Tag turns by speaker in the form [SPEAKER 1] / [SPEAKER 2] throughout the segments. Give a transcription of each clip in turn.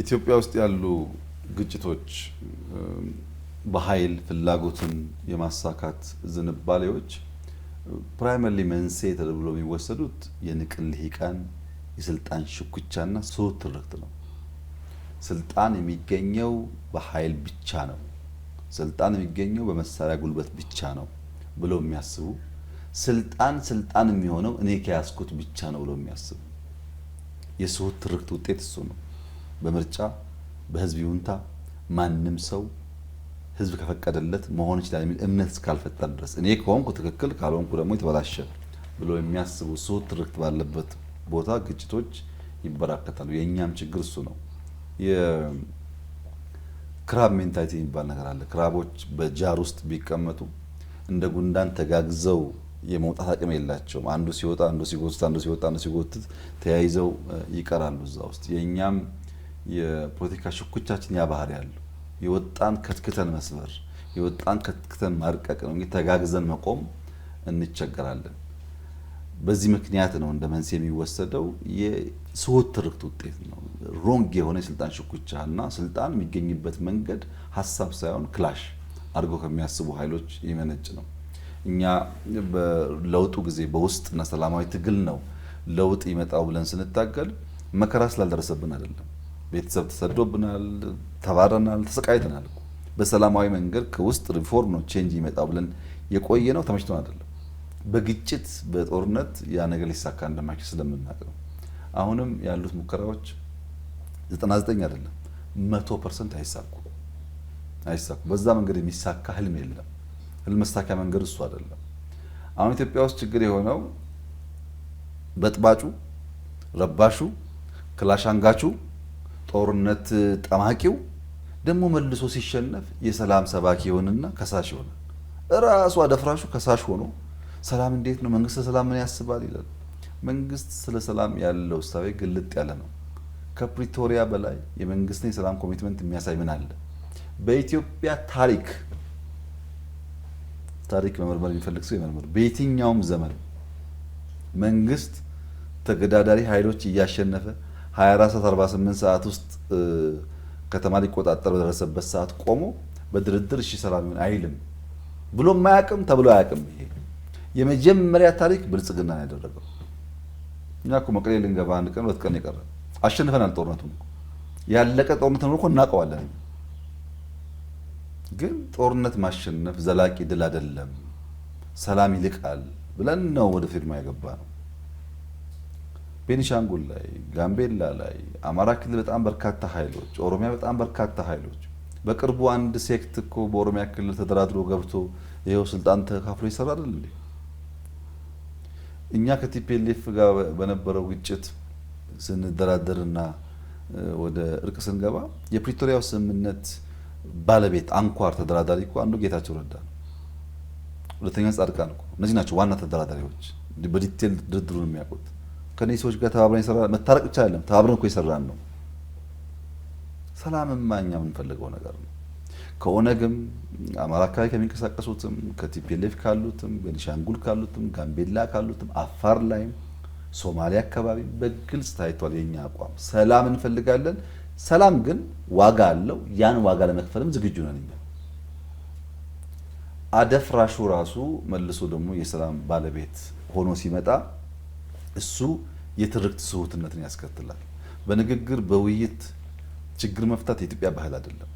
[SPEAKER 1] ኢትዮጵያ ውስጥ ያሉ ግጭቶች፣ በኃይል ፍላጎትን የማሳካት ዝንባሌዎች ፕራይመሪ መንስኤ ተብሎ የሚወሰዱት የንቅል ልሂቃን የስልጣን ሽኩቻና ስሁት ትርክት ነው። ስልጣን የሚገኘው በኃይል ብቻ ነው፣ ስልጣን የሚገኘው በመሳሪያ ጉልበት ብቻ ነው ብለው የሚያስቡ ስልጣን ስልጣን የሚሆነው እኔ ከያዝኩት ብቻ ነው ብለው የሚያስቡ የስሁት ትርክት ውጤት እሱ ነው። በምርጫ በህዝብ ይሁንታ ማንም ሰው ህዝብ ከፈቀደለት መሆን ይችላል የሚል እምነት እስካልፈጠር ድረስ እኔ ከሆንኩ ትክክል ካልሆንኩ ደግሞ የተበላሸ ብሎ የሚያስቡ ስሁት ትርክት ባለበት ቦታ ግጭቶች ይበራከታሉ። የእኛም ችግር እሱ ነው። የክራብ ሜንታሊቲ የሚባል ነገር አለ። ክራቦች በጃር ውስጥ ቢቀመጡ እንደ ጉንዳን ተጋግዘው የመውጣት አቅም የላቸውም። አንዱ ሲወጣ አንዱ ሲጎትት፣ አንዱ ሲወጣ አንዱ ሲጎትት ተያይዘው ይቀራሉ እዛ ውስጥ የእኛም የፖለቲካ ሽኩቻችን ያ ባህሪ ያሉ የወጣን ከትክተን መስበር፣ የወጣን ከትክተን ማርቀቅ ነው እንጂ ተጋግዘን መቆም እንቸገራለን። በዚህ ምክንያት ነው እንደ መንስኤ የሚወሰደው የስሁት ትርክት ውጤት ነው። ሮንግ የሆነ የስልጣን ሽኩቻ እና ስልጣን የሚገኝበት መንገድ ሀሳብ ሳይሆን ክላሽ አድርጎ ከሚያስቡ ኃይሎች የመነጭ ነው። እኛ በለውጡ ጊዜ በውስጥና ሰላማዊ ትግል ነው ለውጥ ይመጣው ብለን ስንታገል መከራ ስላልደረሰብን አይደለም። ቤተሰብ ተሰዶብናል፣ ተባረናል፣ ተሰቃይተናል። በሰላማዊ መንገድ ከውስጥ ሪፎርም ነው ቼንጅ ይመጣው ብለን የቆየ ነው። ተመችቶን አይደለም። በግጭት በጦርነት ያ ነገር ሊሳካ እንደማይችል ስለምናውቅ ነው። አሁንም ያሉት ሙከራዎች 99 አይደለም መቶ ፐርሰንት አይሳኩ አይሳኩ። በዛ መንገድ የሚሳካ ህልም የለም። ህልም መሳኪያ መንገድ እሱ አይደለም። አሁን ኢትዮጵያ ውስጥ ችግር የሆነው በጥባጩ፣ ረባሹ፣ ክላሽ አንጋቹ ጦርነት ጠማቂው ደግሞ መልሶ ሲሸነፍ የሰላም ሰባኪ ይሆንና ከሳሽ ይሆናል። እራሱ አደፍራሹ ከሳሽ ሆኖ ሰላም እንዴት ነው መንግስት ሰላም ምን ያስባል ይላል። መንግስት ስለ ሰላም ያለው እሳቤ ግልጥ ያለ ነው። ከፕሪቶሪያ በላይ የመንግስትን የሰላም ኮሚትመንት የሚያሳይ ምን አለ? በኢትዮጵያ ታሪክ ታሪክ መመርመር የሚፈልግ ሰው ይመርምር። በየትኛውም ዘመን መንግስት ተገዳዳሪ ኃይሎች እያሸነፈ 24 48 ሰዓት ውስጥ ከተማ ሊቆጣጠር በደረሰበት ሰዓት ቆሞ በድርድር እሺ ሰላም ይሁን አይልም ብሎ ማያቅም ተብሎ አያቅም። ይሄ የመጀመሪያ ታሪክ ብልጽግና ያደረገው። እኛ እኮ መቀሌ ልንገባ አንድ ቀን ሁለት ቀን የቀረ አሸንፈናል። ጦርነቱን ያለቀ ጦርነት ነው እኮ እናውቀዋለን። ግን ጦርነት ማሸነፍ ዘላቂ ድል አይደለም፣ ሰላም ይልቃል ብለን ነው ወደ ፊርማ የገባ ነው። ቤኒሻንጉል ላይ፣ ጋምቤላ ላይ፣ አማራ ክልል በጣም በርካታ ኃይሎች፣ ኦሮሚያ በጣም በርካታ ኃይሎች። በቅርቡ አንድ ሴክት እኮ በኦሮሚያ ክልል ተደራድሮ ገብቶ ይኸው ስልጣን ተካፍሎ ይሰራል እንዴ? እኛ ከቲፒኤልኤፍ ጋር በነበረው ግጭት ስንደራደርና ወደ እርቅ ስንገባ የፕሪቶሪያው ስምምነት ባለቤት አንኳር ተደራዳሪ እኮ አንዱ ጌታቸው ረዳ ነው። ሁለተኛ ጻድቃን እኮ እነዚህ ናቸው ዋና ተደራዳሪዎች፣ በዲቴል ድርድሩን የሚያውቁት ከእነዚህ ሰዎች ጋር ተባብረን የሰራን መታረቅ ብቻ አይደለም፣ ተባብረን እኮ የሰራን ነው። ሰላምማ እኛ የምንፈልገው ነገር ነው። ከኦነግም አማራ አካባቢ ከሚንቀሳቀሱትም ከቲፒኤልኤፍ ካሉትም ቤኒሻንጉል ካሉትም ጋምቤላ ካሉትም አፋር ላይም ሶማሊያ አካባቢ በግልጽ ታይቷል የኛ አቋም። ሰላም እንፈልጋለን። ሰላም ግን ዋጋ አለው። ያን ዋጋ ለመክፈልም ዝግጁ ነን። እኛ አደፍራሹ ራሱ መልሶ ደግሞ የሰላም ባለቤት ሆኖ ሲመጣ እሱ የትርክት ስሁትነትን ያስከትላል። በንግግር በውይይት ችግር መፍታት የኢትዮጵያ ባህል አይደለም።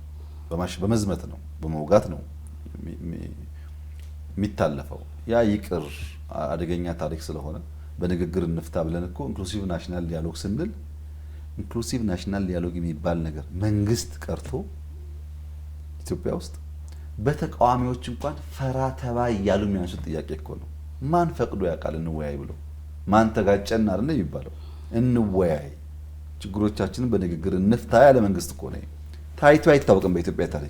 [SPEAKER 1] በመዝመት ነው፣ በመውጋት ነው የሚታለፈው። ያ ይቅር፣ አደገኛ ታሪክ ስለሆነ በንግግር እንፍታ ብለን እኮ ኢንክሉሲቭ ናሽናል ዲያሎግ ስንል ኢንክሉሲቭ ናሽናል ዲያሎግ የሚባል ነገር መንግስት ቀርቶ ኢትዮጵያ ውስጥ በተቃዋሚዎች እንኳን ፈራ ተባ እያሉ የሚያነሱት ጥያቄ እኮ ነው። ማን ፈቅዶ ያውቃል እንወያይ ብለው? ማን ተጋጨን አይደል የሚባለው። እንወያይ፣ ችግሮቻችንን በንግግር እንፍታ ያለ መንግስት እኮ ነው። ታይቶ አይታወቅም በኢትዮጵያ ታሪክ።